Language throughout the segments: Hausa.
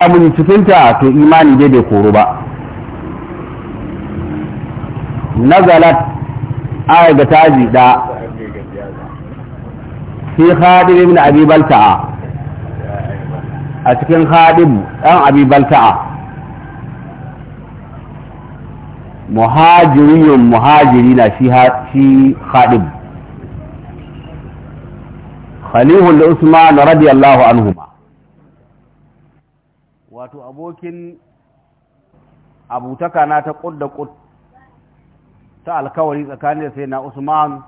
abin cikinta to imani dai bai koro ba nazalat aya ga taji da fi khadim ibn abi balta'a a cikin khadim dan abi balta'a Muhajirin muhajiri na shi khadim khalihul usman radiyallahu anhuma wato abokin abutaka na ta ƙud da ƙud ta alkawari tsakanin sai na usman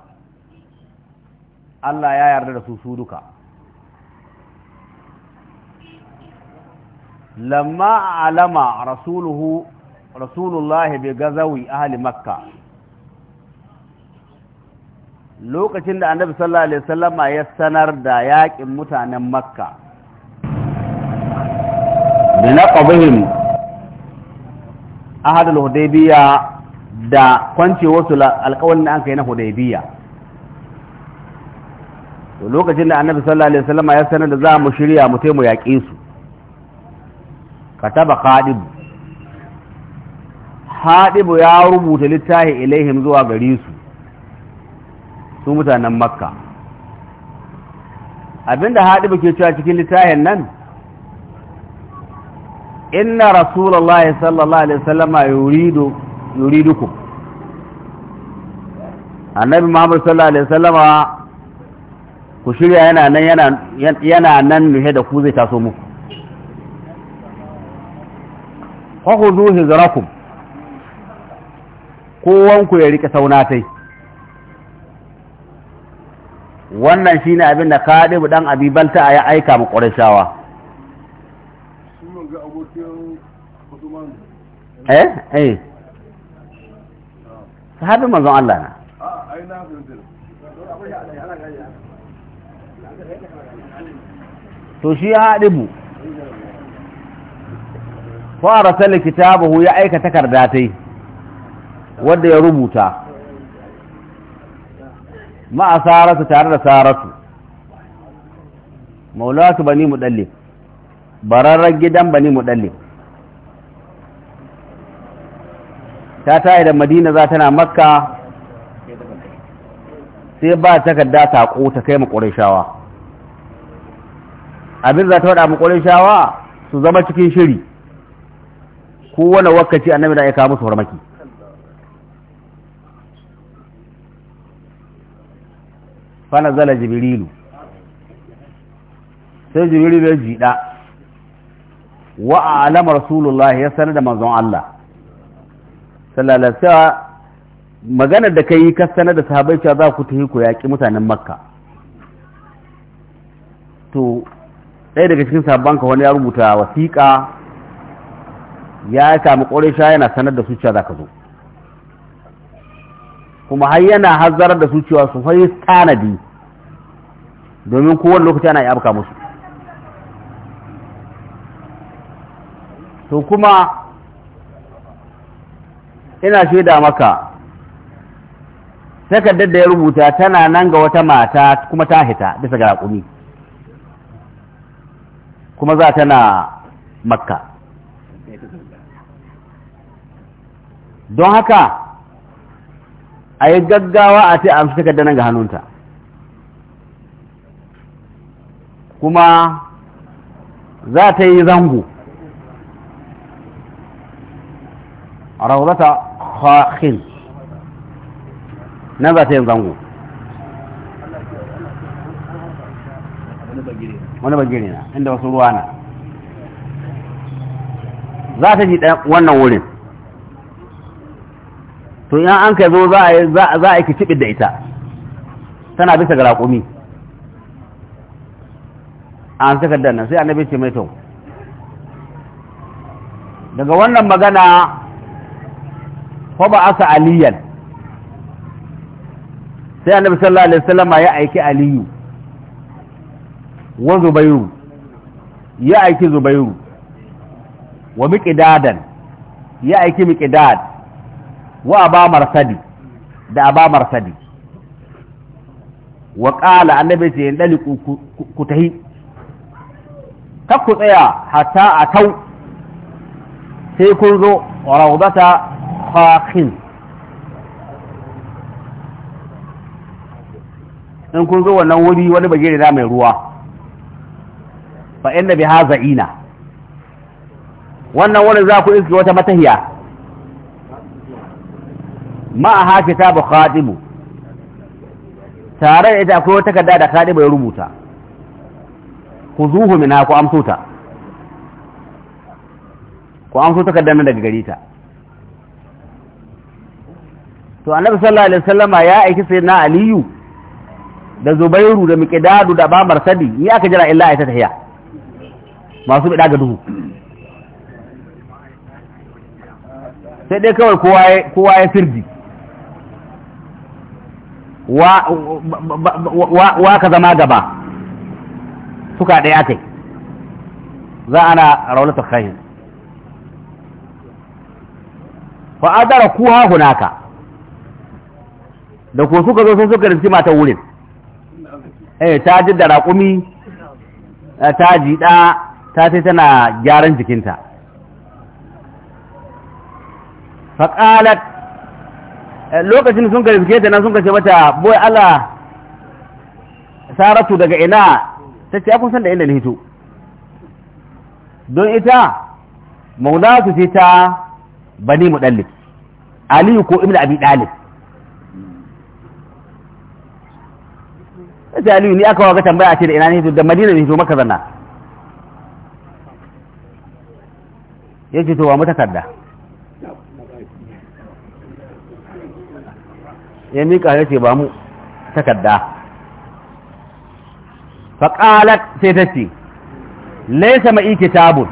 allah ya yarda da su su duka lamma alama rasuluhu rasulullahi bi gazawi ahli makka lokacin da annabi sallallahu alaihi wasallama ya sanar da yaƙin mutanen makka da na ƙabihin ahadul da kwance wasu alƙawarin da an kai na hudaybiya lokacin da annabi sallallahu alaihi wasallam ya sanar da za mu shirya mu taimu yaƙe su kataba qadib hadibu ya rubuta littafi ilaihim zuwa gare su su mutanen makka abinda hadibu ke cewa cikin littafin nan inna rasulullahi sallallahu alaihi wasallama yuridu yuridukum annabi muhammad sallallahu alaihi wasallam ku shirya yana nan yana yana nan ne da ku zai taso muku fa khudhu hijrakum kowan ku ya rike saunatai wannan shine abin da Khalid dan Abi Balta ya aika mu Qurayshawa ايه ايه صحابي ما زعل لنا توشي هادبو فارسل كتابه يا ايكا تكرداتي ودى يا ربوتا ما اسارت تعرض اسارت مولاتو بني مدلل برارك جدا بني مدلل ta tayi da madina za tana makka sai ba takarda saƙo ta kai shawa. abin za ta waɗa shawa, su zama cikin shiri kowane wakaci annabi da ya kawo musu farmaki fana zala jibrilu sai jibrilu ya jiɗa wa alama rasulullah ya sanar da manzon Allah sallallahu alaihi maganar da kai ka sanar da sahabbai cewa za ku tafi ku yaƙi mutanen makka to ɗaya daga cikin sahabban ka wani ya rubuta wasiƙa ya samu ƙorisha yana sanar da su cewa za ka zo kuma har yana hazzarar da su cewa su fayi tanadi domin kowane lokaci ana yabka musu to kuma ina shaida maka takardar da ya rubuta tana nan ga wata mata kuma ta hita bisa ga raƙumi kuma za tana makka don haka a yi gaggawa a ce amshi takardar nan ga hannunta kuma za ta yi zango a rahulata khakhil nan za ta yin zango wani bagire na inda wasu ruwa na za ta ji wannan wurin to yan an ka zo za a yi kicibin da ita tana bisa ga raƙumi an takardar nan sai annabi ce mai tau daga wannan magana fa ba asa aliyan sai annabi sallallahu alaihi wasallam ya aiki aliyu wa zubairu ya aiki zubairu wa miqdadan ya aiki miqdad wa aba marsadi da aba marsadi wa qala annabi sai ya dali ku tahi kar ku tsaya hatta a tau sai kun zo rawdata khakhin in kun zo wannan wuri wani bagire na mai ruwa fa inna haza ina. wannan wani za ku iske wata matahiya ma a hafi ta bu tare da ita akwai wata takarda da khadibu ya rubuta ku zuhu mina ku amsota. ku amso takardar nan daga gari ta to annabi sallallahu alaihi wasallama ya aiki sai na aliyu da zubairu da miqdadu da bamar sadi ni aka jira illa ayata tahiya masu bida ga duhu sai dai kawai kowa ya kowa ya sirji wa wa wa ka zama gaba suka daya kai za ana raulatul khair fa adara kuha hunaka da ko suka zo sun suka rinci mata wurin eh ta ji da raƙumi eh, ta ji ɗa ta sai tana gyaran jikinta faƙalat eh, lokacin sun ka rinci ta nan sun ka ce mata boy Allah saratu daga ina ta ce akun san da ina ne hito don ita maulatu ce ta bani mu ɗalib aliyu ko ibn abi ɗalib sai aliyu ni aka waga tambaya ce da ina ne da madina ne to maka zanna ya ce to wa mutakarda ya miƙa ya ce ba mu takarda faƙalat sai ta ce laisa ma'i kitabun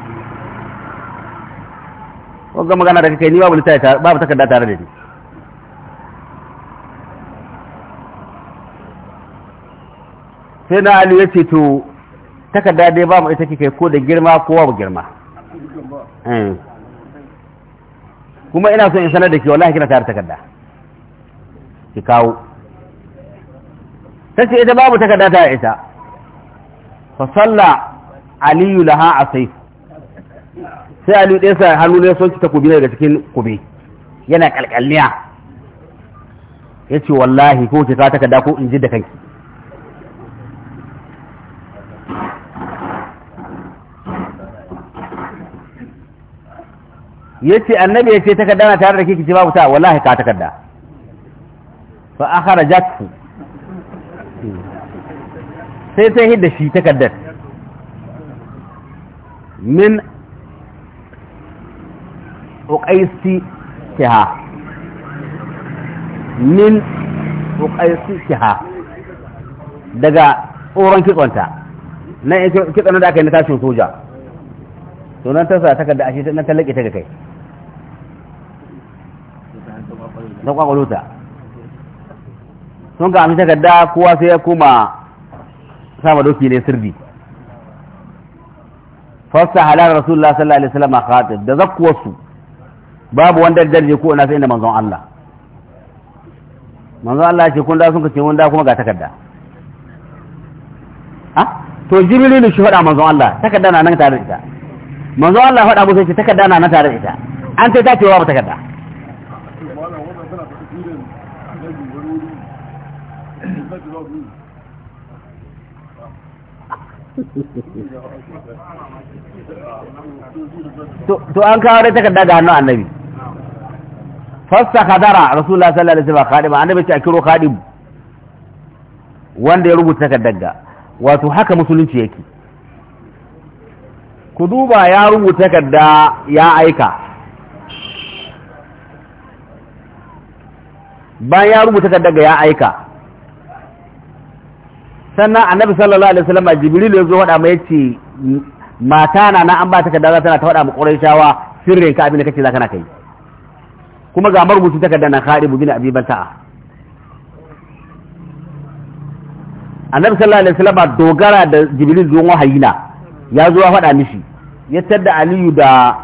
ga magana da kake ni babu takarda tare da ni sai na ali ya ce to takarda dai ba mu ita kike ko da girma ko ba girma eh. kuma ina son in sanar da ke wallahi kina tare takarda ki kawo sai ita babu takarda ta ita fa salla ali laha asai sai aliyu dai sai hannu ne son ta kubi daga cikin kubi yana kalkalniya yace wallahi ko ki ta takarda ko in ji da kanki yace annabi yace takarda na tare da ki ce babu ta wallahi ka takarda fa akhrajathu sai sai hidda shi takardar min uqaisi kiha min uqaisi kiha daga tsoron kitsonta na kitson da aka yi na tashin soja sunan ta sa takarda nan na laƙe ta ga kai ta kwakwalota sun ka amshi takarda kowa sai ya kuma sama doki ne sirri fasta halar rasulullah sallallahu alaihi wasallam khatib da zakkuwarsu babu wanda dalje ko ina sai inda manzon Allah manzon Allah ce kun da sun kace wanda kuma ga takarda ha to jibrilu shi faɗa manzon Allah takarda na nan tare da ita manzon Allah faɗa musu ce takarda na nan tare da ita an sai ta cewa ba takarda to an kawo da takarda ga hannun annabi fasta kadara rasulullah sallallahu alaihi wasallam kadima annabi ce a kiro kadim wanda ya rubuta takardar ga wato haka musulunci yake ku duba ya rubuta takarda ya aika bayan ya rubuta takarda ga ya aika sannan annabi sallallahu alaihi wasallam jibril ya zo wada mai yace mata na na an ba ta kadara tana ta wada mu quraishawa sirrin ka abin da kake zaka na kai kuma ga marubuci takardar na kharibu bin abi bata annabi sallallahu alaihi wasallam dogara da jibril zuwa wahayina ya zo ya fada mishi ya tadda aliyu da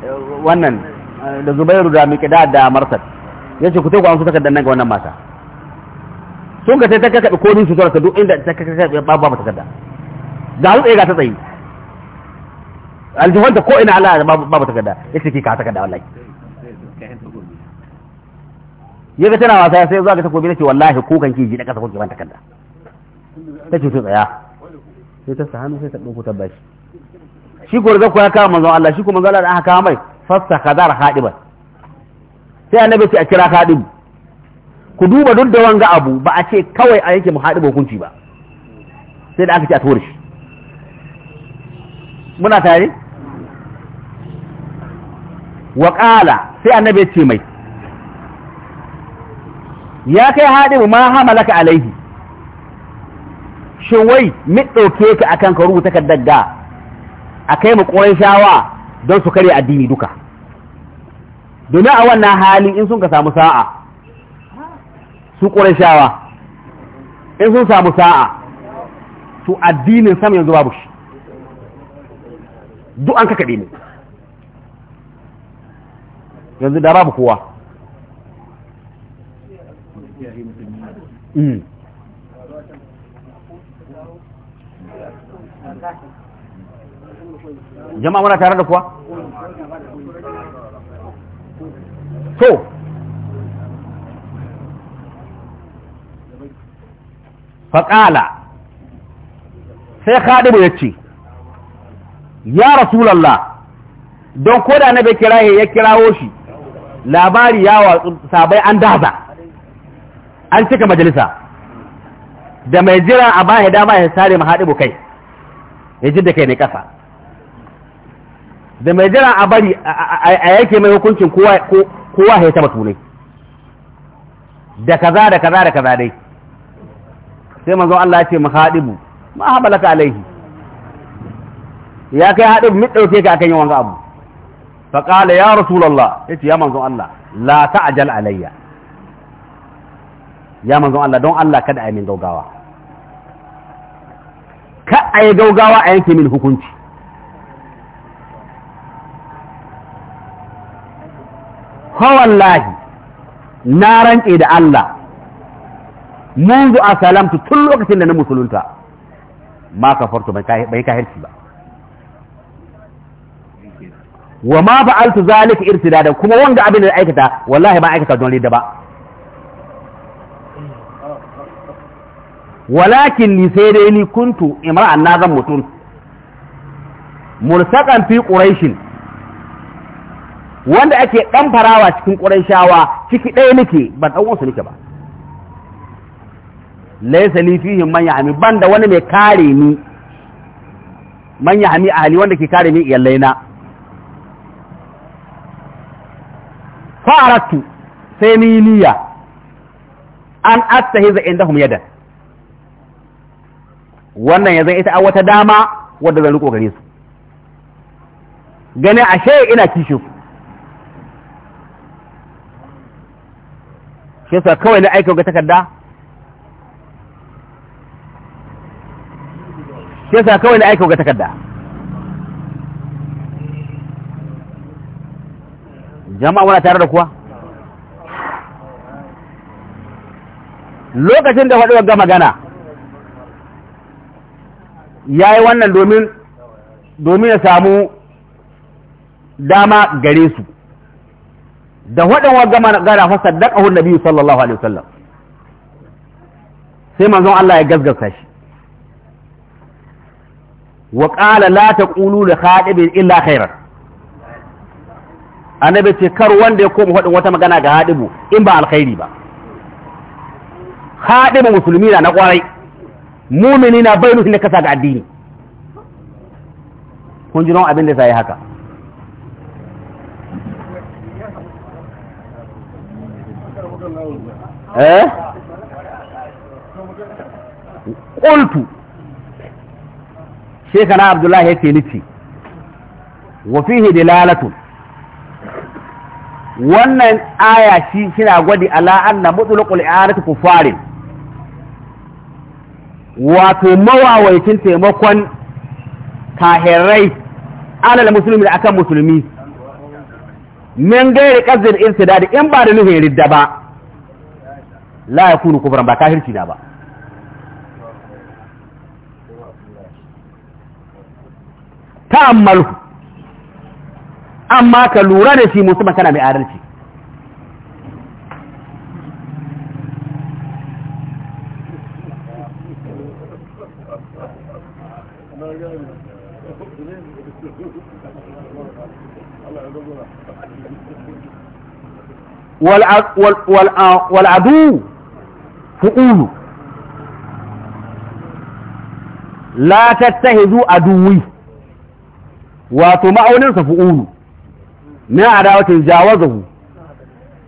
eh, wannan eh, da zubairu da miqdad da marsad yace ku ta ku an su takardar nan ga wannan mata sun ka sai ta kakaɓe nisu su ta duk inda ta kakaɓe babu ba takarda ga rutsa ga ta tsaye aljihunta ko ina Allah babu takarda ya ce ki ka takarda wallahi ya ga tana wasa sai zuwa ga takobi ce wallahi ko kan ki ji da kasa kuke ban takarda ta ce sun tsaya sai ta sahanu sai ta ɗauko ta bashi shi ko da ko ya kawo manzon Allah shi ko manzon Allah da aka kawo mai fasta kadar hadiban sai annabi sai a kira hadibi ku duba duk da wanga abu ba a ce kawai a yake muhaɗi hukunci ba sai da aka ce a tuwar shi muna tare wa sai annabi ce mai ya kai haɗi ma hamalaka alaihi shin wai ɗauke ka kan ka rubuta takardar da a kai mu ƙoran shawa don su karya addini duka domin a wannan hali in sun ka samu sa'a su ƙurashawa in sun samu sa'a to addinin sam yanzu babu shi duk an kakaɗe ne yanzu da babu kowa mm. jama'a muna tare da kuwa so faƙala sai haɗu ya ce ya rasulallah don koda na bai kira ya kirawo shi labari ya wa sabai an daza an cika majalisa da mai jira a baya dama ya sare ma haɗu kai ya ji da kai ne ƙasa da mai jira a bari a yake mai hukuncin kowa ya taɓa tunai da kaza da kaza da kaza dai sai manzo Allah ya ce mahadibu ma habalaka alaihi ya kai hadibu mi dauke ka akan yin wanga abu fa qala ya rasulullah yace ya manzo Allah la ta'jal alayya ya manzo Allah don Allah kada ayi min gaugawa ka ayi gaugawa a yanke min hukunci fa wallahi na ranke da Allah منذ أسلمت كل وقت إننا مسلمتا ما كفرت بي كهرت با وما فعلت ذلك ارتدادا كما وانجا أبن الأيكتا والله ما أيكتا دون ليدا ولكن لسيريني كنت امرأة ناظم متون ملسقا في قريش wanda ake ɗan farawa cikin ƙurai ciki ɗaya nake ba ɗan wasu nake ba laisa li fihim man ya'mi banda wani mai kare ni man ya'mi ahli wanda ke kare ni yallaina fa aratu sai ni niyya an attahiza indahum yada wannan ya ita a wata dama wadda zan riko gare su gane ashe ina kishi ku shi sa kawai na aika ga takarda shi sa kawai na aika ga takarda jama'a muna tare da kuwa lokacin da faɗi ga magana ya yi wannan domin domin ya samu dama gare su da waɗin wa gama gara da ƙahun nabi sallallahu alaihi wasallam sai manzon Allah ya gasgasa shi wa ƙala la taqulu da khadibin illa khairan annabi ce kar wanda ya koma faɗin wata magana ga hadibu in ba alkhairi ba hadibu musulmi na na ƙwarai mumini na bai nufin kasa ga addini kun ji abin da sai haka eh qultu shekana abdullahi yake nufi wa fihi dilalatu wannan aya shi kina gwadi ala anna mutlaqul i'anatu kufarin wato mawawaitin taimakon kahirai alal musulmi da akan musulmi min gairi qazir insidadi in ba da nuhin ridda ba la yakunu kufran ba kahirci da ba تأمله أما كالوراني في موسى مكانا بأرنتي والعدو فؤول لا تتهدوا عدوي wato ma'aunin sa fu'ulu na adawatin jawazahu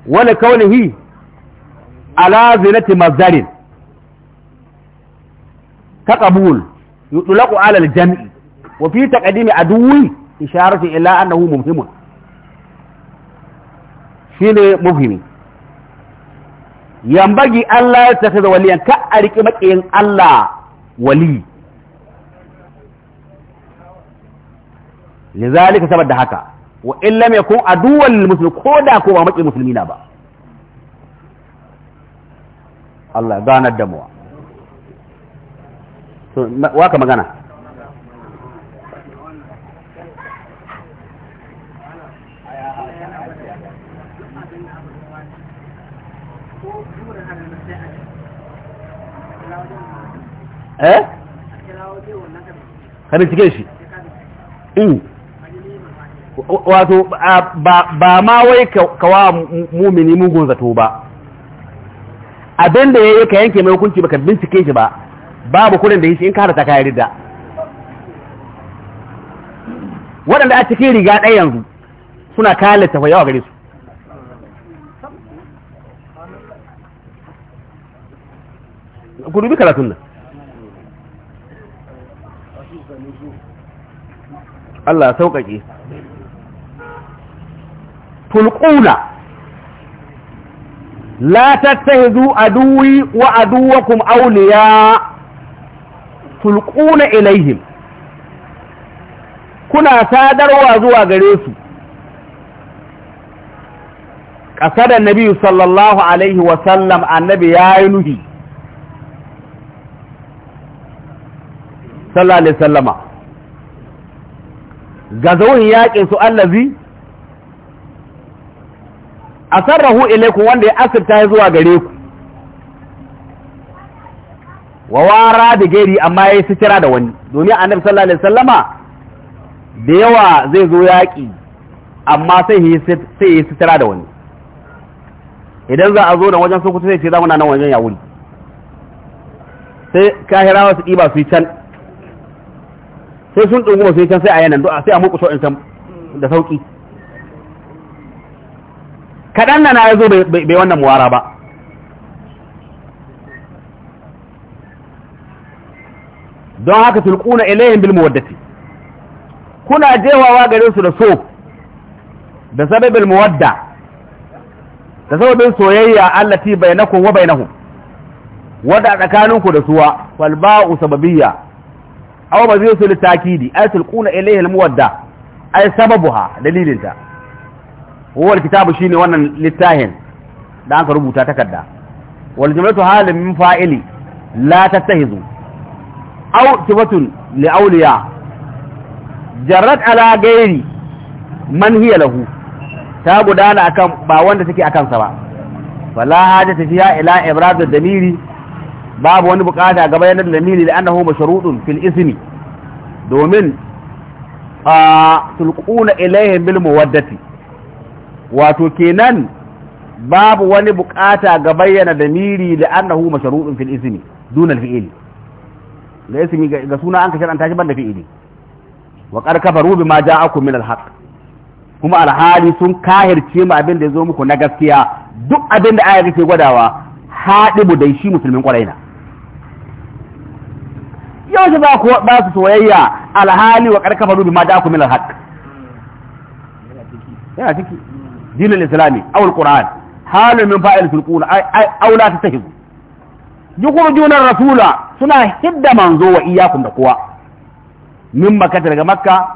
wala kaunihi ala zinati mazarin ka qabul yutlaqu ala al-jam'i wa fi taqdimi adwi isharatu ila annahu mumhimun shine mufhimi yambagi Allah ya tafi da waliyan ka a riƙi maƙiyin Allah wali lizalika saboda haka wa in lam yakun aduwwan lil muslim ko da ko ba maki musulmi na ba Allah ganar da mu to waka magana eh ka bincike shi mm. wato ba ma wai kawa mumini mugun zato ba abin da ya yi ka yanke mai hukunci baka bincike shi ba babu kudin da shi in ka ta kayan ridda waɗanda a cikin riga ɗaya yanzu suna kayan littafa yawa gare su ku dubi karatun nan Allah sauƙaƙe tulquna la tattahizu aduwi wa kuma awliya tulquna ilaihim kuna sadarwa zuwa gare su ƙasar annabi sallallahu alaihi wasallam annabi ya yi nuhi sallallahu alaihi sallama ga zaun yaƙin su allazi A sarrahu, Ilaiku wanda ya asirta ya zuwa gare ku wa wara da gari amma ya yi sitira da wani domin annabi sallallahu alaihi wasallama da yawa zai zo yaƙi amma sai ya yi sitira da wani idan za a zo da wajen sokoto sai ce za muna nan wajen ya wuri sai kahirawa su ɗiba su yi can sai sun ɗunguma su yi can sai a yanan sai a muku so in can da sauƙi kaɗan na ya zo bai wannan muwara ba don haka tulkuna ilayhim bil muwaddati kuna jewawa gare su da so da sababin muwadda da sababin soyayya allati bainakum wa bainahum wada tsakaninku da suwa wal ba'u sababiyya aw bazisu litakidi ay tulquna ilayhi al muwadda ay sababuha dalilinta huwa kitabu shine wannan littahin da aka rubuta takarda wal jumlatu halin min fa'ili la tattahizu aw tibatun li awliya jarrat ala gairi man hiya lahu ta gudana akan ba wanda take akan sa ba fala haja tafiya ila ibrad damiri babu wani bukata ga bayanan lamiri da annahu mashrutun fil ismi domin a tulquna ilayhim bil muwaddati wato kenan babu wani bukata ga bayyana da miri da annahu masharu'un fil ismi dunal fi'ili ga ismi ga suna an ka shar'anta shi banda fi'ili wa qad kafaru bima ja'aku min al-haqq kuma alhali sun kahirce mu abin da yazo muku na gaskiya duk abin da ayar ke gwadawa hadibu dai shi musulmin kwarai na yau za ku ba su soyayya alhali wa qad kafaru bima ja'aku min al-haqq yana ciki دين الإسلامي أو القرآن حال من فاعل في القول أو لا تتهزوا يخرجون الرسول سنة هد منزو وإياكم دقوا من مكة لغا مكة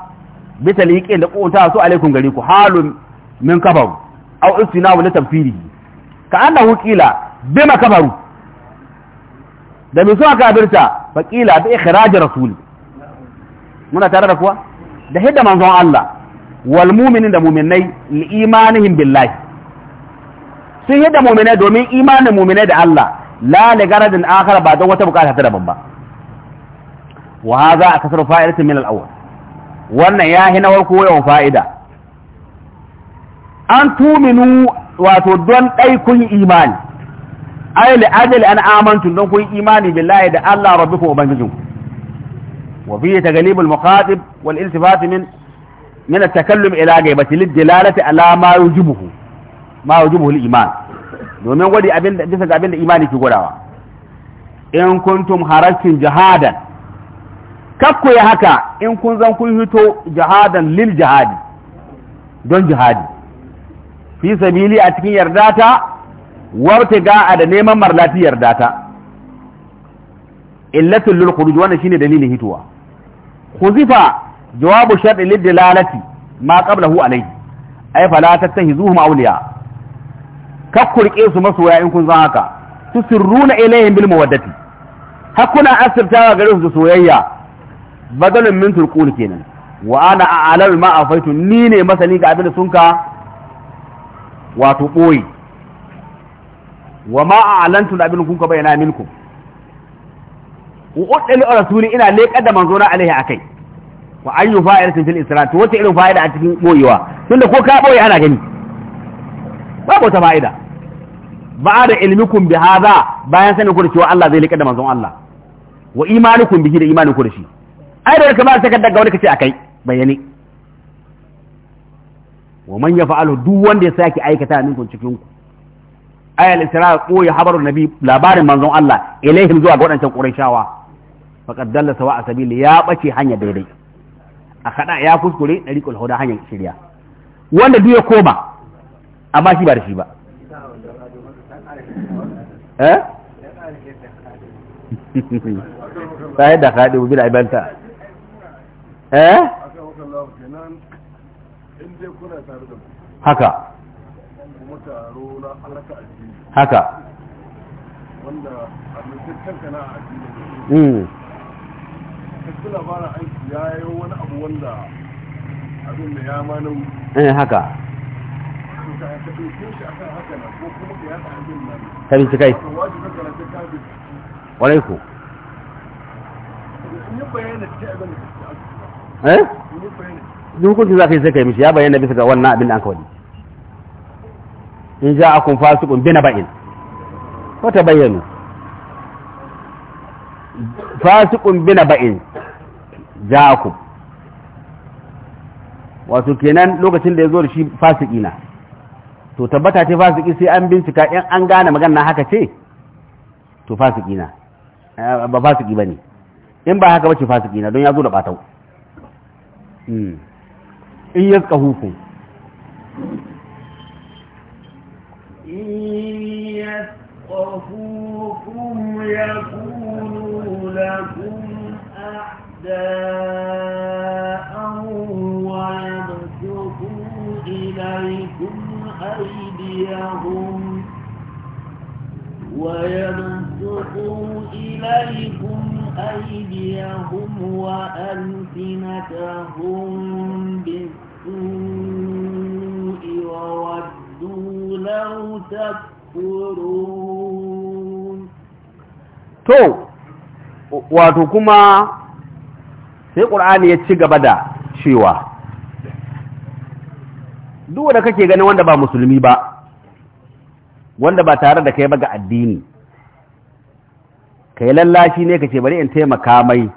بتليك إن دقوا تاسو عليكم غريكم حال من كفر أو استناو لتنفيره كأنه قيل بما كفروا da mai suka kafirta faƙila bi ikhraj rasul muna tare da kuwa da hidda manzon Allah wal da mu'minai li imanihim billahi sun yi da mu'minai domin imanin mu'minai da Allah la li garadin ba don wata bukata ta daban ba wa hadha akasaru fa'idatin min al wannan ya hina warko fa'ida an tuminu wato don ɗai kun imani ai li ajali an amantu don kun imani billahi da Allah rabbikum ubangijinku wa wal min من التكلم إلى غيبة للدلالة على ما يوجبه ما يوجبه الإيمان domin gwadi abin da bisa ga abin da imani ke gwadawa in kuntum harastin jihadan kakku ya haka in kun zan kun hito jihadan lil jihadi don jihadi fi sabili a cikin yardata warta ga'a da neman marlati yardata illatul lil khuruj wannan shine dalilin ku zifa. jawabu shar'i lidilalati ma qablahu alayhi ay fala tattakhizuhum awliya kakkurke su masoya in kun zan haka tusirruna ilayhim bil mawaddati hakuna asirtawa gare su soyayya badalin min turqul kenan wa ana a'lam ni ne masani ga abin sunka wato boye wa ma a'lantu abin kunka bayana minkum wa uddali rasuli ina leƙar da manzona alaihi akai wa ayyu fa'idatin fil israr to wace irin fa'ida a cikin boyewa tunda ko ka boye ana gani babu wata fa'ida ba da ilmikum bi hadha bayan sanin ku da cewa Allah zai liƙa da manzon Allah wa imanukum bihi da imanin ku da shi ai da kamar ta kaddaga wani kace akai bayani wa man yaf'alu duk wanda ya saki aikata minkum cikin ku ayal isra ko ya nabi labarin manzon Allah ilaihim zuwa ga wadancan qurayshawa faqad dalla sawa sabili ya bace hanya daidai a kada ya kuskure dariqul huda hanyar shirya wanda duk ya koma amma shi ba da shi ba eh sai da kadi bi da ibanta eh haka haka wanda a mutum kanka na addini kayo wani abu wanda abin da ya ma eh haka ka bincike kai warai ku eh? duk hukunci za ka yi sai ka yi mishi ya bayyana bisa ga wannan abin da an kawai in ja a akun fasikun bina ba'in ko ta bayyano fasikun bina ba'in ja'akum wato kenan lokacin da ya zo da shi fasiki na to tabbata ce fasiki sai an bincika in an gane magana haka ce to fasiki na eh, ba fasiki ba ne in ba haka ba ce fasiki na don ya zo da batau hmm. in ya suka hufu ya kunu لكم نساءهم ويبسطوا إليكم أيديهم ويبسطوا إليكم أيديهم وألسنتهم بالسوء وودوا لو تكفرون to wato kuma sai ƙur'ani ya ci gaba da cewa duk da kake ganin wanda ba musulmi ba wanda ba tare da kai ba ga addini kai lallashi ne kace bari in taimaka mai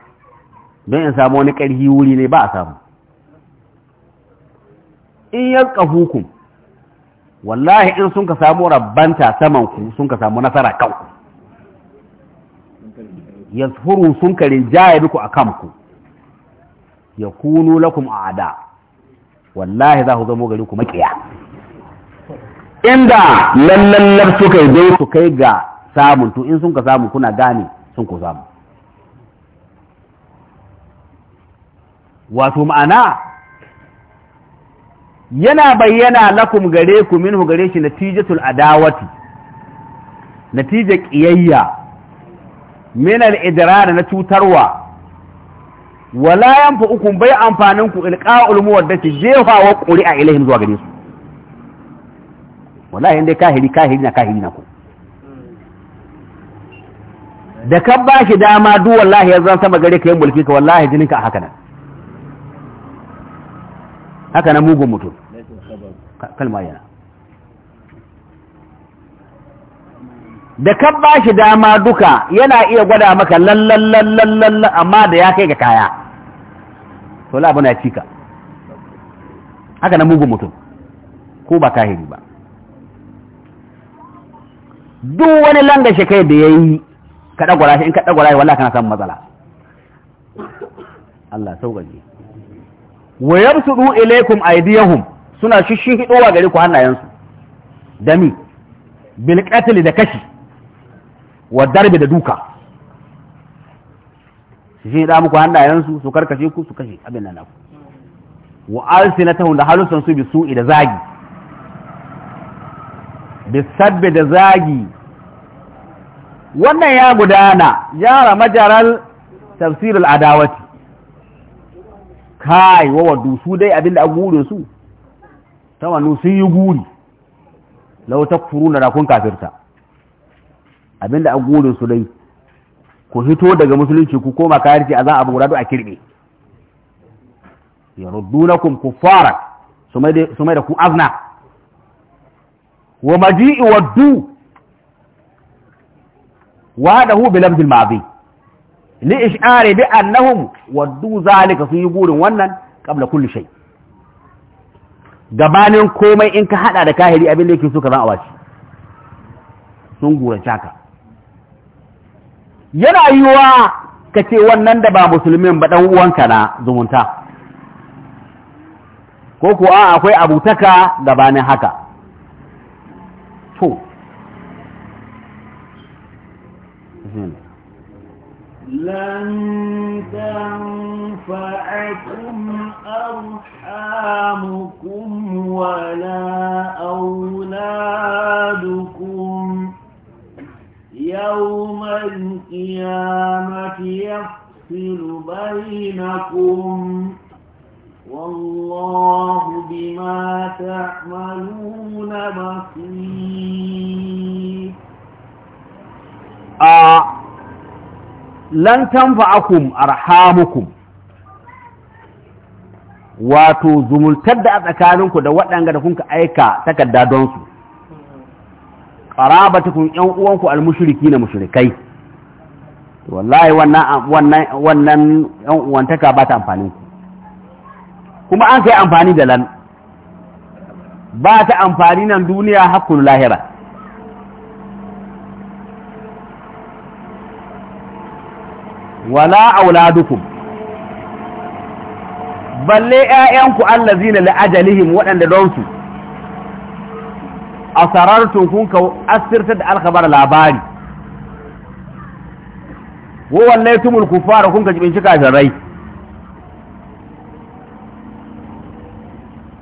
don in samu wani ƙarfi wuri ne ba a samu in yanka hukum wallahi in sun ka samu rabbanta saman ku sun ka samu nasara kanku yanzu sun ka rinjaye duku a kanku ya kunu lakum ada wallahi za ku zamo gari ku makiya inda lallan lafsu kai dai su kai ga samun to in sun ka samu kuna gane sun ku samu wato ma'ana yana bayyana lakum gare ku minhu gare shi natijatul adawati natija kiyayya, min idrar na cutarwa wala yanfa ukun bai amfanin ku ilqa'ul muwaddati jefawa qur'a ilaihim zuwa gare su wallahi indai kahiri kahiri na kahiri na ku da ka ba shi dama du wallahi yanzu sama gare ka yi mulki ka wallahi jininka a haka nan haka nan mugun mutum kalma yana da ka ba shi dama duka yana iya gwada maka lallallallallallan amma da ya kai ga kaya to la na cika haka na mugun mutum ko ba kahiri ba duk wani langa shekai da ya yi dagwara shi in ka dagwara wallahi kana samun matsala Allah sauƙaƙe wa yabsudu ilaikum aydiyahum suna wa gari ku hannayensu dami bil qatl da kashi wa darbi da duka shi da muku hannayensu su karkashe ku su kashe abin nan naku wa alsinatahum da halusan su bi su'i da zagi bi sabbi da zagi wannan ya gudana jara majaral tafsirul adawati kai wa wadu su dai abin da agurin su tawannu sun yi guri law takfuruna da kun kafirta abin da agurin su dai ku hito daga musulunci ku koma kayarci a za a bura a kirbe yaruddunakum kuffara su mai da ku azna wa maji'i waddu wa dahu bi lamdil madi li ish'ari bi annahum waddu zalika su yi burin wannan qabla kulli shay gabanin komai in ka hada da kahiri abin da yake so ka zan awaci sun gura haka yana yiwuwa ka ce wannan da ba musulmin ba ɗan uwanka na zumunta ko kuwa an ah, akwai abutaka gabanin haka to لن تنفعكم أرحامكم ولا أولادكم يوم القيامة يفصل بينكم والله بما تعملون بصير آه. لن تنفعكم أرحامكم wato zumultar da a tsakaninku da waɗanda da kunka aika takarda don su qarabatukum yan uwanku almushrikina mushrikai wallahi wannan wannan wannan yan uwantaka ba ta amfani kuma an kai amfani da lan ba ta amfani nan duniya hakkun lahira wala auladukum balle ƴaƴanku allazina li ajalihim waɗanda don su tun kun ka asirta da alkhabar labari wallahi tumul kufar kun ka shika jarai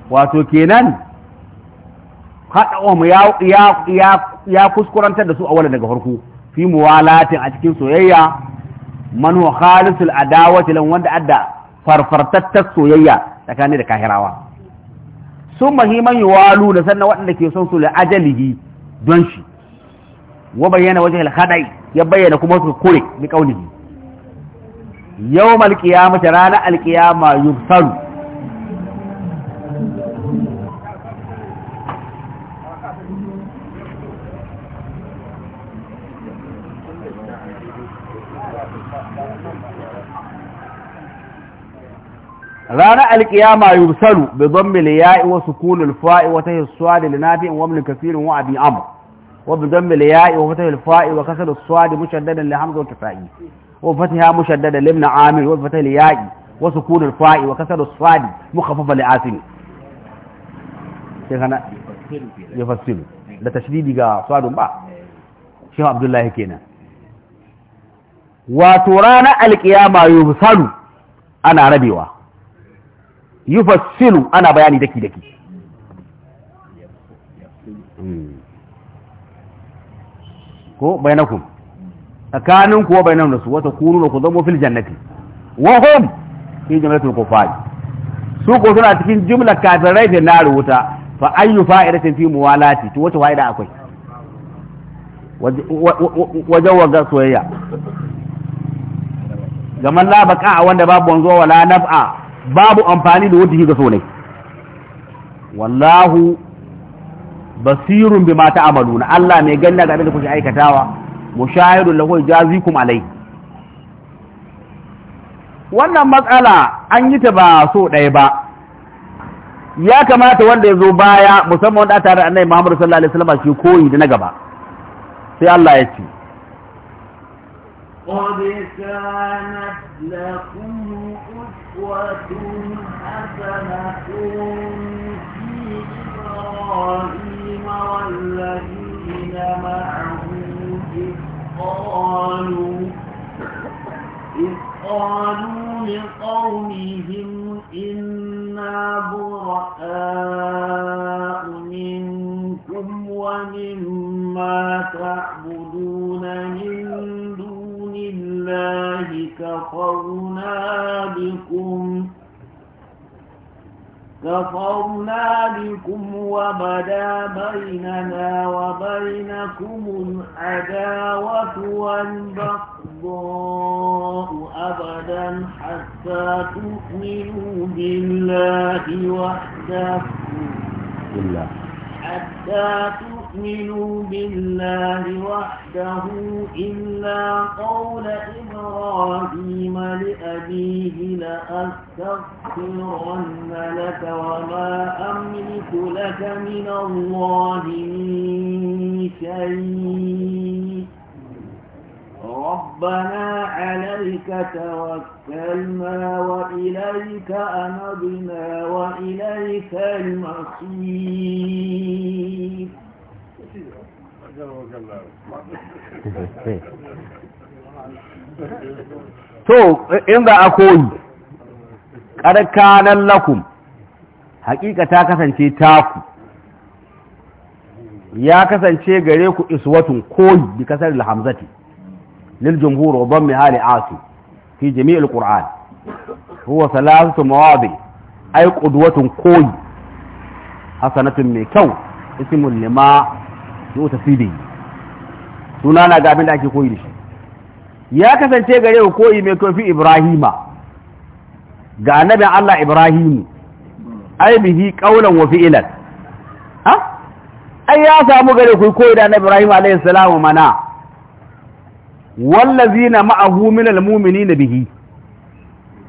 wato kenan hada ya ya ya ya kuskurantar da su a awala daga farko fi muwalatin a cikin soyayya man wa khalisul adawati lan wanda adda farfartattar soyayya tsakani da kahirawa sun mahiman yi walu sannan waɗanda ke son su la'ajalihi don shi wa bayyana wajen alhadai ya bayyana kuma su kure bi kaunihi malkiya qiyamah ranar alqiyama yubsaru ranar alkiyama yursalu bi dhammil ya'i wa sukunil fa'i wa tahil suwad li nafi'in wa min wa abi amr wa bi dhammil ya'i wa fatahil fa'i wa kasr as-suwad mushaddadan li hamza wa tafa'i wa fataha mushaddadan li ibn amir wa fatahil ya'i wa sukunil fa'i wa kasr as li asim sai kana yafassilu da tashdidi ga suwadun ba shehu abdullahi kenan wato ranar alkiyama yursalu ana rabewa yufassilu ana bayani daki daki ko bainakum tsakanin kuwa bainan da su wata kunu da ku zama fil jannati wa hum fi jumlatul kufar su ko suna cikin jumla kafirai da na rubuta fa ayyu fa'idatin fi muwalati to wata fa'ida akwai wajen waga soyayya gaman la baqa wanda babu wanzo wala naf'a babu amfani da wajhi ga so ne wallahu basirun bi mata amalu na Allah mai ganna ga abin da kuke aikatawa mushahidun lahu jazikum alai wannan matsala an yi ta ba so ɗaya ba ya kamata wanda ya zo baya musamman wanda tare an annabi Muhammad sallallahu alaihi wasallam shi koyi da na gaba sai Allah ya ce قد كانت لكم أسوة في إبراهيم والذين معه إذ قالوا إذ قالوا لقومهم إنا براء منكم ومما تعبدون من الله كفرنا بكم كفرنا بكم وبدا بيننا وبينكم العداوة والبغضاء أبدا حتى تؤمنوا بالله وحده حتى تؤمنوا بالله وحده إلا قول إبراهيم لأبيه لأستغفرن لك وما أملك لك من الله من شيء ربنا عليك توكلنا وإليك أنبنا وإليك المصير to in ba a koyi ƙarƙanan lakum haƙiƙa ta kasance taku ya kasance gare ku iswatun koyi bi kasar hamzati lil jumhur wa dhammi hali asu fi jami' al-qur'an huwa thalathatu mawadi ay qudwatun koyi hasanatun mai kyau ismun lima to tasbihi suna na ga abin da ake koyi da shi ya kasance gare ku koyi mai kofi Ibrahima ga annabin Allah Ibrahim aibihi bihi qaulan wa fi'lan ha ai ya samu gare ku koyi da annabi Ibrahim alayhi salam mana wallazina ma'ahu min almu'minina bihi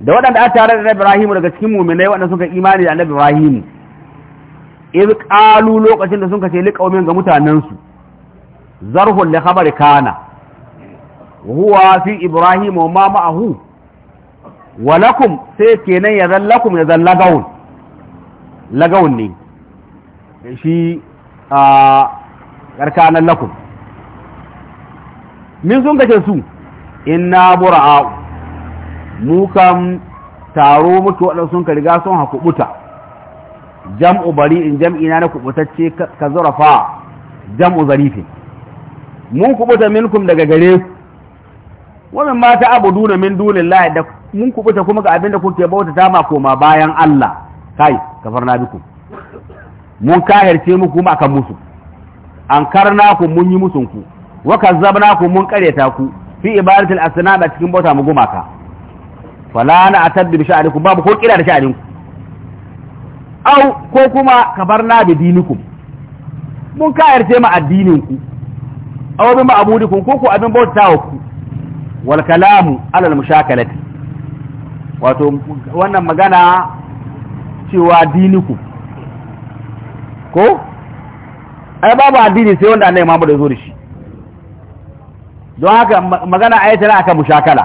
da waɗanda aka tare da Ibrahim daga cikin mu'minai waɗanda suka imani da annabi Ibrahim iz ƙalu lokacin da sun kace liqaumin ga mutanensu, zarhun li khabari kana huwa fi ibrahim wa ma ma'ahu wa lakum sai kenan ya zallakum ya zalla zallagaun lagaun ne shi a karkanan lakum min sun kace su inna bura'a mu kam taro muke waɗanda sun ka riga sun hakubuta jam'u bari in jam'i na na kubutacce ka zurafa jam'u zarifin mun kubuta minkum daga gare ku wannan ma ta abuduna min dunillahi da mun kubuta kuma ga abinda kuke bauta ta ma koma bayan Allah kai kafarna bikum mun kahirce mu kuma akan musu an karna ku mun yi musun ku wa kazzabna ku mun kareta ku fi ibadatil asnam cikin bauta mu gumaka fala na atadbi bi ku babu ko kira da sha'aninku au ko kuma ka bar na da dinikum mun yarje ma addinin ku aw bi ma'budikum ko ku abin bauta ku wal kalamu alal mushakalati wato wannan magana cewa ku ko ai babu addini sai wanda ya mamu ya zo da shi don haka magana ai tana aka mushakala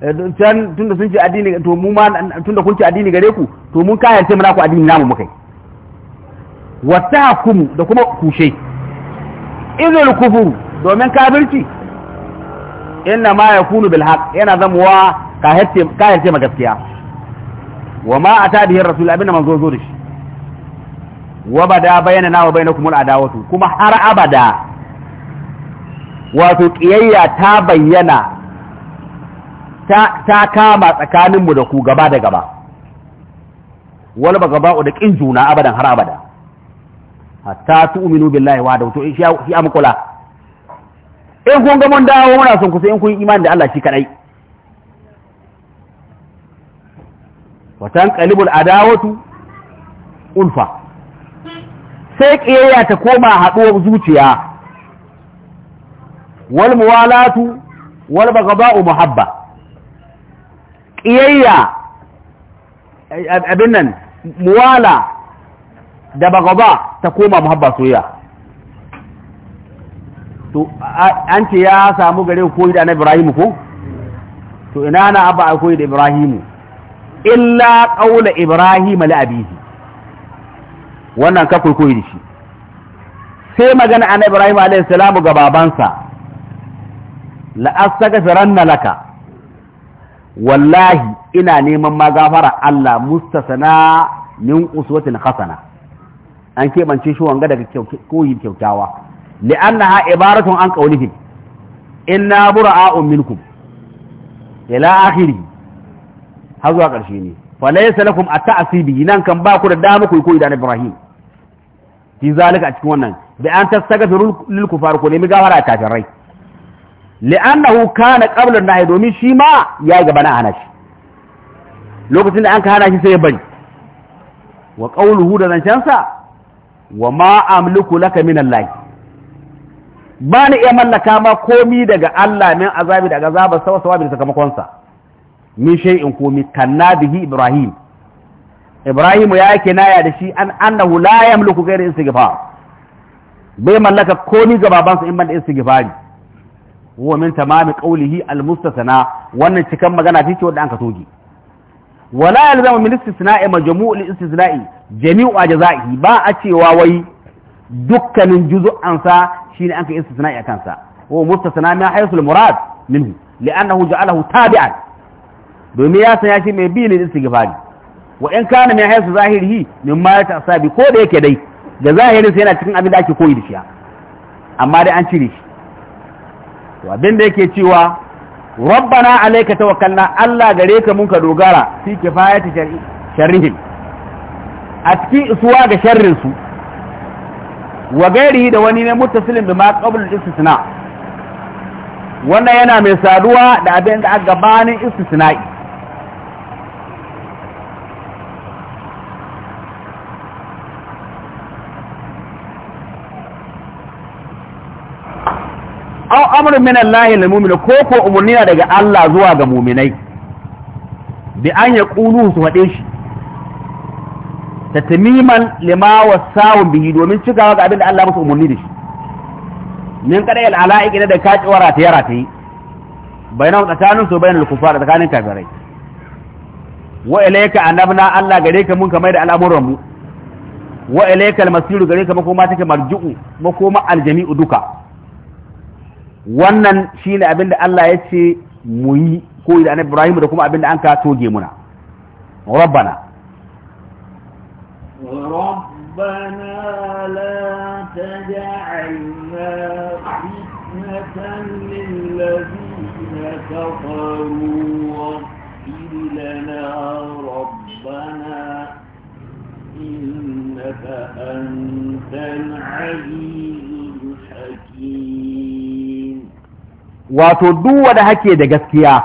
tun eh, tunda sun ce addini to mu ma tunda kun ce addini gare ku to mun ce muna ku addini namu yi wata tahkum da kuma kushe idul kufuru domin kafirci inna ma yakunu bil bilhak yana zamuwa wa kahirce ma gaskiya wa ma a ata bihi rasul abinda manzo zo da shi wa bayyana na wa bainakumul adawatu kuma har abada wato kiyayya ta bayyana ta kama tsakaninmu da ku gaba da gaba wal bagaba'u da kin juna abadan har abada hatta tu'minu billahi wa da to shi amkula in kun ga mun dawo muna son ku sai in kun yi imani da Allah shi kadai wa tanqalibul adawatu ulfa sai kiyayya ta koma haɗuwar zuciya wal muwalatu wal bagaba'u muhabba kiyayya abin nan muwala da bagaba ta koma muhabba soyayya to an ce ya samu gare koyi da na Ibrahim ko to ina na abba a koyi da Ibrahim illa qaula Ibrahim li abihi wannan ka koyi da shi sai magana annabi Ibrahim alaihi salamu ga babansa la astaghfiranna laka wallahi ina neman magafara. Allah mustasana min uswatin hasana an keɓance shi wanga daga koyi kyautawa li'annaha ibaratun an qawlihi inna bura'a'un minkum ila akhiri har zuwa ƙarshe ne fa laysa lakum at-ta'sibi nan kan ba ku da dama ku koyi da Ibrahim fi zalika a cikin wannan bi an tastaghfiru lil kufar ku nemi gawara kafirai li'annahu kana qabla nahi domin shi ma ya gaba na hana shi lokacin da an ka hana shi sai ya bari wa qawluhu da zancensa wa ma amliku laka min Allah ba ni iya mallaka ma komi daga Allah min azabi daga azabar sawa sawa bin sakamakon sa min in komi kanna bihi ibrahim ibrahim ya yake naya da shi an annahu la yamliku ghayra istighfar bai mallaka komi ga babansa in ban da istighfari wa min tamami qawlihi al-mustasna wannan cikan magana take wanda an ka toge wala yalzamu min istisna'i majmu' al-istisna'i jami'u ajza'i ba a cewa wai dukkanin juz'an sa shine an ka istisna'i akan sa wa mustasna ma haythu al-murad minhu li'annahu ja'alahu tabi'an domin ya san ya ce mai bi lil istighfari wa in kana min haythu zahirihi mimma ya ta'sabi ko da yake dai da zahirin sa yana cikin abin da ake koyi da shi amma dai an cire shi to abinda yake cewa rabbana alayka tawakkalna Allah gare ka mun ka dogara fi kifayati sharrihim a cikin isuwa ga sharrin su wa gairihi da wani ne muttasilin bi ma qabl istisna wannan yana mai saduwa da abin da gabanin istisna'i aw amrun min Allah lil mu'min ko ko umurni daga Allah zuwa ga mu'minai bi an yaqulu su fade shi tatmiman lima wasawun bihi domin cikawa ga abin da Allah musu umurni da shi min kada al ala'iq da ka ciwara ta yara ta yi bainahu tsakanin su bainal kufar tsakanin kafirai wa ilayka annabna Allah gare ka mun kamar da al'amuran mu wa ilayka al-masir gare ka makoma take marju'u makoma al-jami'u duka wannan shi ne abin da Allah ya ce mu yi ko da annabi Ibrahim da kuma abin da an ka toge muna rabbana rabbana la taj'alna fitnatan lil ladina kafaru wa lana rabbana innaka antal azizul hakim wato duk wanda hake da gaskiya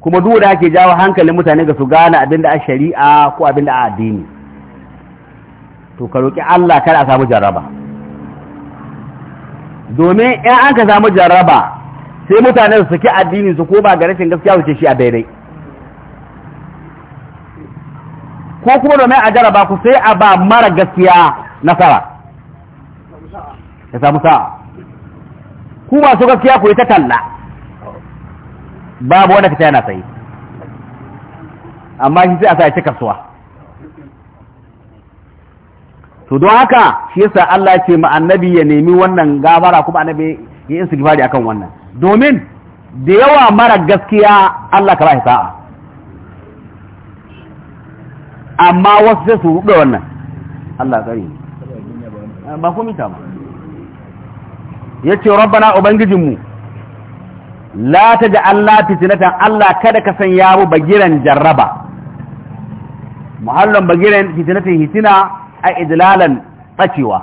kuma duk wanda hake jawo hankalin mutane ga su gane abin da a shari'a ko abin da a addini to ka roƙi Allah kar a samu jaraba. domin in an ka samu jaraba, sai mutane su saki addini su ko ba ga rashin gaskiya su ce shi a daidai ko kuma domin a jaraba ku sai a ba mara gaskiya nasara ya samu sa'a ku masu gaskiya ku yi ta talla babu wanda fita yana sai amma shi sai a sa ya ci kasuwa to don haka shi yasa Allah ce ma annabi ya nemi wannan gabara kuma annabi ya istighfari akan wannan domin da yawa mara gaskiya Allah ka ba shi sa'a amma wasu sai su ruɗe wannan Allah tsari ba mita ba yace rabbana ubangijinmu la taj'al la fitnatan Allah kada ka sanya mu bagiran jarraba muhallan bagiran fitnatin hitina a idlalan bacewa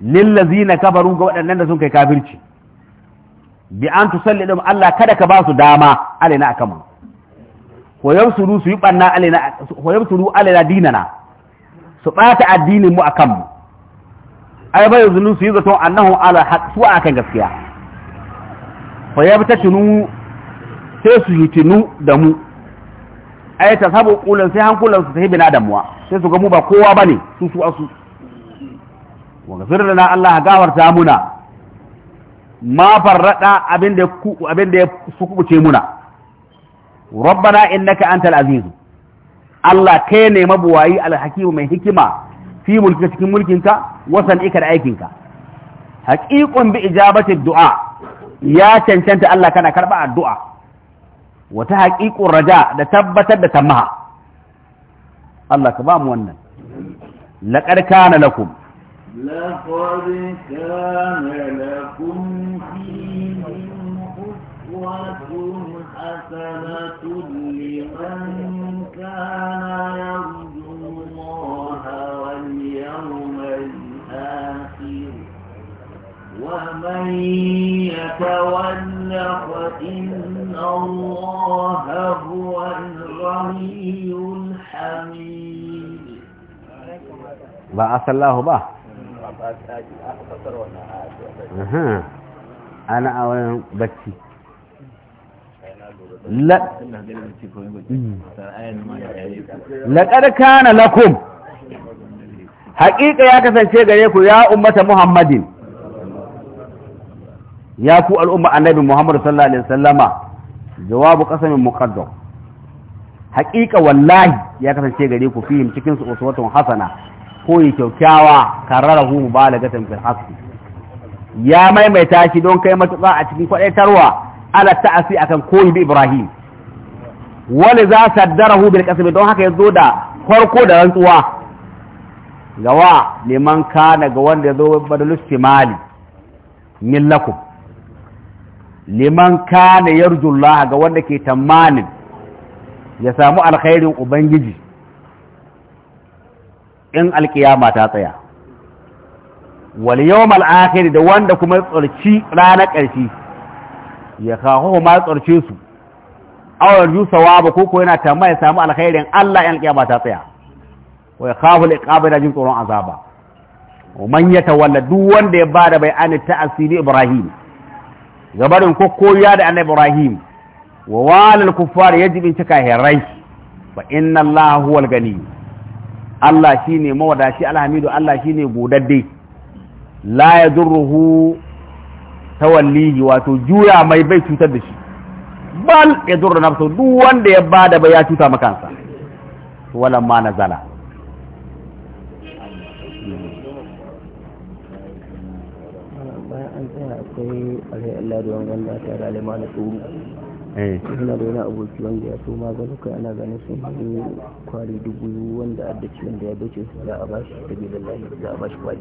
lillazina kafaru ga waɗannan da sun kai kafirci bi an tu salli tusallidum Allah kada ka ba su dama alaina kama hoyamsuru su yi banna alaina hoyamsuru alaina dinana su ɓata addinin mu akan mu ai bai zunun su yi zato annahu ala haq su akan gaskiya fa ya bita tunu sai su hitinu da mu ai ta sabu kulan sai hankulan su sai bina damuwa sai su ga mu ba kowa bane su su asu wa gafir na Allah warta muna ma farrada abinda ku abinda su kubuce muna rabbana innaka antal aziz Allah kai ne mabuwayi alhakimu mai hikima في ملك تكن ملكك وسن إكر أيكك هكيق بإجابة الدعاء يا شن شن الله كان كربع الدعاء وتهكيق الرجاء لتبت لتمها الله كبام ونن لقد كان لكم لقد كان لكم فيهم أسوة حسنة لمن كان يرجو ومن يتولى فإن الله هو الغني الحميد ba a sallahu ba ana a wayan bacci laƙar kana lakum haƙiƙa ya kasance gare ku ya ummata muhammadin ya ku al'umma annabi Muhammad sallallahu alaihi wasallama jawabu qasamin muqaddam Haƙiƙa wallahi ya kasance gare ku fihim cikin su uswatun hasana ko yi kyaukyawa kararahu mubalagatan fil hasbi ya maimaita shi don kai matuƙa a cikin kwadaitarwa ala ta'asi akan koyi bi Ibrahim wani za saddarahu bil qasmi don haka yazo da farko da rantsuwa gawa liman kana ga wanda yazo badalus timali millakum liman kana yarjullaha ga wanda ke tamanin ya samu alkhairin ubangiji in alkiyama ta tsaya wal yawmal akhir da wanda kuma tsorci ranar ƙarshe ya kawo ma tsorci su awar ju sawaba ko ko yana tamma ya samu alkhairin Allah in alkiyama ta tsaya wa yakhafu al-iqaba da jin tsoron azaba man yatawalla duk wanda ya bada bai an ta'asiri ibrahim gabarin kokkoya da annabi Ibrahim wa walal kuffar yajibi cika hirai fa inna Allah huwal gani Allah shine mawadashi alhamidu Allah shine godadde la yadurruhu tawallihi wato juya mai bai cutar da shi bal yadurru nafsu duk wanda ya bada bai ya cuta makansa na nazala Allah da wanda ta da lima na tsoro eh. ina da wani aboki wanda ya so maganin kai ana ganin sun yi kwari dubu wanda addaci wanda ya bace su za a bashi da bilan lahi za a bashi kwari